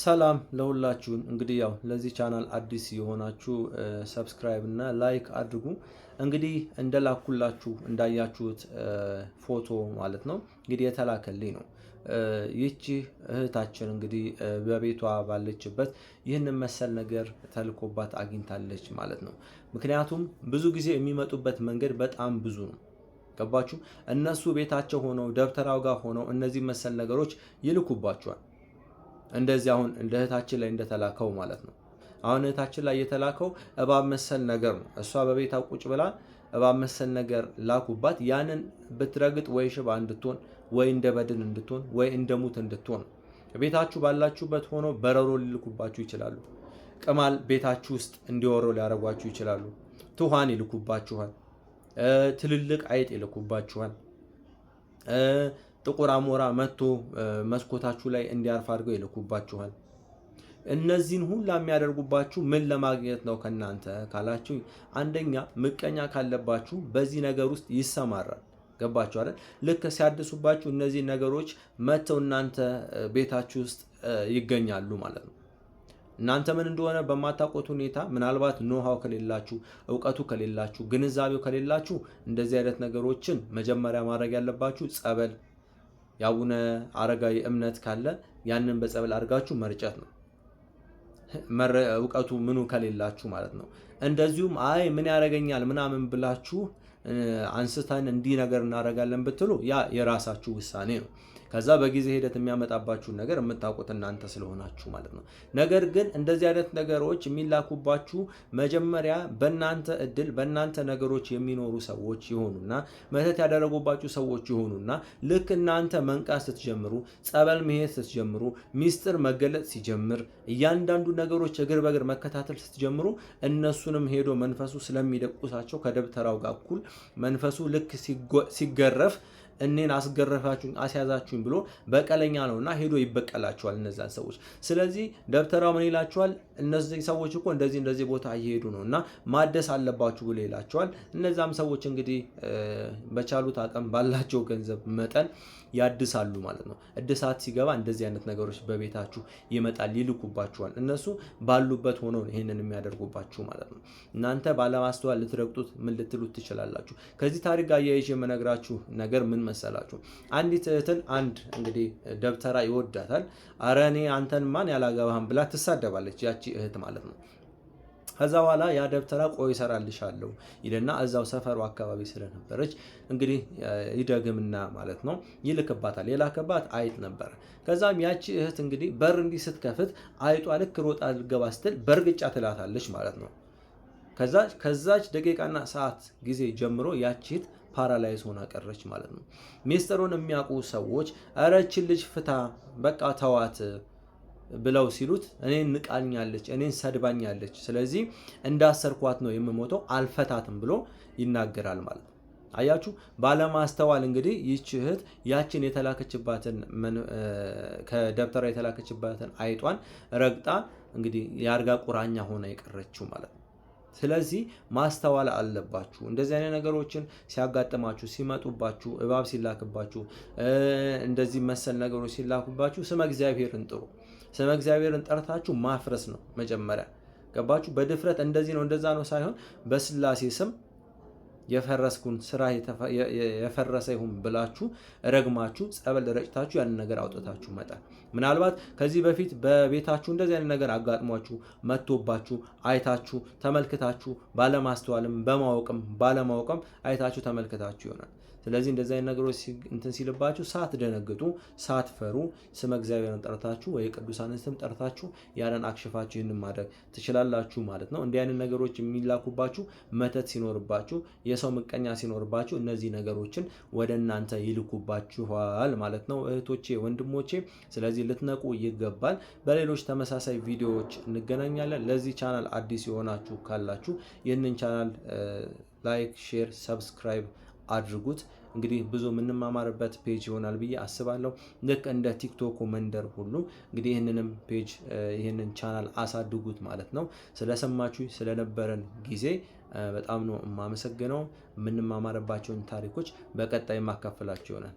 ሰላም ለሁላችሁ እንግዲህ ያው ለዚህ ቻናል አዲስ የሆናችሁ ሰብስክራይብ እና ላይክ አድርጉ። እንግዲህ እንደላኩላችሁ እንዳያችሁት ፎቶ ማለት ነው እንግዲህ የተላከልኝ ነው። ይቺ እህታችን እንግዲህ በቤቷ ባለችበት ይህንን መሰል ነገር ተልኮባት አግኝታለች ማለት ነው። ምክንያቱም ብዙ ጊዜ የሚመጡበት መንገድ በጣም ብዙ ነው። ገባችሁ? እነሱ ቤታቸው ሆነው ደብተራው ጋር ሆነው እነዚህ መሰል ነገሮች ይልኩባቸዋል። እንደዚህ አሁን እንደ እህታችን ላይ እንደተላከው ማለት ነው። አሁን እህታችን ላይ የተላከው እባብ መሰል ነገር ነው። እሷ በቤታ ቁጭ ብላ እባብ መሰል ነገር ላኩባት። ያንን ብትረግጥ ወይ ሽባ እንድትሆን ወይ እንደ በድን እንድትሆን ወይ እንደ ሙት እንድትሆን ቤታችሁ ባላችሁበት ሆኖ በረሮ ሊልኩባችሁ ይችላሉ። ቅማል ቤታችሁ ውስጥ እንዲወረው ሊያደርጓችሁ ይችላሉ። ትኋን ይልኩባችኋል። ትልልቅ አይጥ ይልኩባችኋል። ጥቁር አሞራ መጥቶ መስኮታችሁ ላይ እንዲያርፍ አድርገው ይልኩባችኋል። እነዚህን ሁላ የሚያደርጉባችሁ ምን ለማግኘት ነው ከእናንተ ካላችሁ፣ አንደኛ ምቀኛ ካለባችሁ በዚህ ነገር ውስጥ ይሰማራል። ገባችሁ አይደል? ልክ ሲያድሱባችሁ እነዚህ ነገሮች መጥተው እናንተ ቤታችሁ ውስጥ ይገኛሉ ማለት ነው። እናንተ ምን እንደሆነ በማታውቁት ሁኔታ ምናልባት ኖሃው ከሌላችሁ፣ እውቀቱ ከሌላችሁ፣ ግንዛቤው ከሌላችሁ እንደዚህ አይነት ነገሮችን መጀመሪያ ማድረግ ያለባችሁ ጸበል የአቡነ አረጋዊ እምነት ካለ ያንን በጸበል አድርጋችሁ መርጨት ነው። እውቀቱ ምኑ ከሌላችሁ ማለት ነው። እንደዚሁም አይ ምን ያደርገኛል ምናምን ብላችሁ አንስተን እንዲህ ነገር እናደርጋለን ብትሉ ያ የራሳችሁ ውሳኔ ነው። ከዛ በጊዜ ሂደት የሚያመጣባችሁን ነገር የምታውቁት እናንተ ስለሆናችሁ ማለት ነው። ነገር ግን እንደዚህ አይነት ነገሮች የሚላኩባችሁ መጀመሪያ በእናንተ እድል በእናንተ ነገሮች የሚኖሩ ሰዎች ይሆኑና መተት ያደረጉባችሁ ሰዎች ይሆኑና ልክ እናንተ መንቃት ስትጀምሩ፣ ጸበል መሄድ ስትጀምሩ፣ ሚስጥር መገለጥ ሲጀምር፣ እያንዳንዱ ነገሮች እግር በእግር መከታተል ስትጀምሩ እነሱንም ሄዶ መንፈሱ ስለሚደቁሳቸው ከደብተራው ጋር እኩል መንፈሱ ልክ ሲገረፍ እኔን አስገረፋችሁኝ አስያዛችሁኝ ብሎ በቀለኛ ነውና ሄዶ ይበቀላቸዋል እነዛን ሰዎች። ስለዚህ ደብተራው ምን ይላቸዋል? እነዚህ ሰዎች እኮ እንደዚህ እንደዚህ ቦታ እየሄዱ ነው እና ማደስ አለባችሁ ብሎ ይላቸዋል። እነዛም ሰዎች እንግዲህ በቻሉት አቅም ባላቸው ገንዘብ መጠን ያድሳሉ ማለት ነው። እድሳት ሲገባ እንደዚህ አይነት ነገሮች በቤታችሁ ይመጣል፣ ይልኩባችኋል። እነሱ ባሉበት ሆነው ይህንን የሚያደርጉባችሁ ማለት ነው። እናንተ ባለማስተዋል ልትረግጡት ምን ልትሉት ትችላላችሁ። ከዚህ ታሪክ ጋር የይዤ የምነግራችሁ ነገር ምን መሰላችሁ? አንዲት እህትን አንድ እንግዲህ ደብተራ ይወዳታል። አረ እኔ አንተን ማን ያላገባህን ብላ ትሳደባለች፣ ያቺ እህት ማለት ነው። ከዛ በኋላ ያ ደብተራ ቆይ ይሰራልሻለሁ ይልና እዛው ሰፈሩ አካባቢ ስለነበረች እንግዲህ ይደግምና ማለት ነው ይልክባታል። የላከባት አይጥ ነበረ። ከዛም ያቺ እህት እንግዲህ በር እንዲህ ስትከፍት አይጧ ልክ ሮጣ ልገባ ስትል በእርግጫ ትላታለች ማለት ነው። ከዛች ደቂቃና ሰዓት ጊዜ ጀምሮ ያቺት ፓራላይዝ ሆና ቀረች ማለት ነው። ሚስጥሩን የሚያውቁ ሰዎች እረችን ልጅ ፍታ፣ በቃ ተዋት ብለው ሲሉት እኔን ንቃኛለች፣ እኔን ሰድባኛለች፣ ስለዚህ እንዳሰርኳት ነው የምሞተው፣ አልፈታትም ብሎ ይናገራል ማለት ነው። አያችሁ ባለማስተዋል እንግዲህ ይች እህት ያችን የተላከችባትን ከደብተራ የተላከችባትን አይጧን ረግጣ እንግዲህ የአርጋ ቁራኛ ሆና የቀረችው ማለት ነው። ስለዚህ ማስተዋል አለባችሁ። እንደዚህ አይነት ነገሮችን ሲያጋጥማችሁ፣ ሲመጡባችሁ፣ እባብ ሲላክባችሁ፣ እንደዚህ መሰል ነገሮች ሲላኩባችሁ ስመ እግዚአብሔርን ጥሩ። ስመ እግዚአብሔርን ጠርታችሁ ማፍረስ ነው መጀመሪያ። ገባችሁ? በድፍረት እንደዚህ ነው እንደዛ ነው ሳይሆን በስላሴ ስም የፈረስኩን ስራ የፈረሰ ይሁን ብላችሁ ረግማችሁ ጸበል ረጭታችሁ ያንን ነገር አውጥታችሁ መጣል። ምናልባት ከዚህ በፊት በቤታችሁ እንደዚህ አይነት ነገር አጋጥሟችሁ መቶባችሁ አይታችሁ ተመልክታችሁ ባለማስተዋልም በማወቅም ባለማወቅም አይታችሁ ተመልክታችሁ ይሆናል። ስለዚህ እንደዚህ አይነት ነገሮች እንትን ሲልባችሁ ሳትደነግጡ ሳትፈሩ ስመ እግዚአብሔርን ጠርታችሁ ወይ ቅዱሳንን ስም ጠርታችሁ ያንን አክሽፋችሁ ይህንን ማድረግ ትችላላችሁ ማለት ነው። እንዲህ አይነት ነገሮች የሚላኩባችሁ መተት ሲኖርባችሁ፣ የሰው ምቀኛ ሲኖርባችሁ እነዚህ ነገሮችን ወደ እናንተ ይልኩባችኋል ማለት ነው እህቶቼ ወንድሞቼ። ስለዚህ ልትነቁ ይገባል። በሌሎች ተመሳሳይ ቪዲዮዎች እንገናኛለን። ለዚህ ቻናል አዲስ የሆናችሁ ካላችሁ ይህንን ቻናል ላይክ፣ ሼር፣ ሰብስክራይብ አድርጉት። እንግዲህ ብዙ የምንማማርበት ፔጅ ይሆናል ብዬ አስባለሁ። ልክ እንደ ቲክቶኩ መንደር ሁሉ እንግዲህ ይህንንም ፔጅ ይህንን ቻናል አሳድጉት ማለት ነው። ስለሰማችሁ ስለነበረን ጊዜ በጣም ነው የማመሰግነው። የምንማማርባቸውን ታሪኮች በቀጣይ ማካፈላቸው ይሆናል።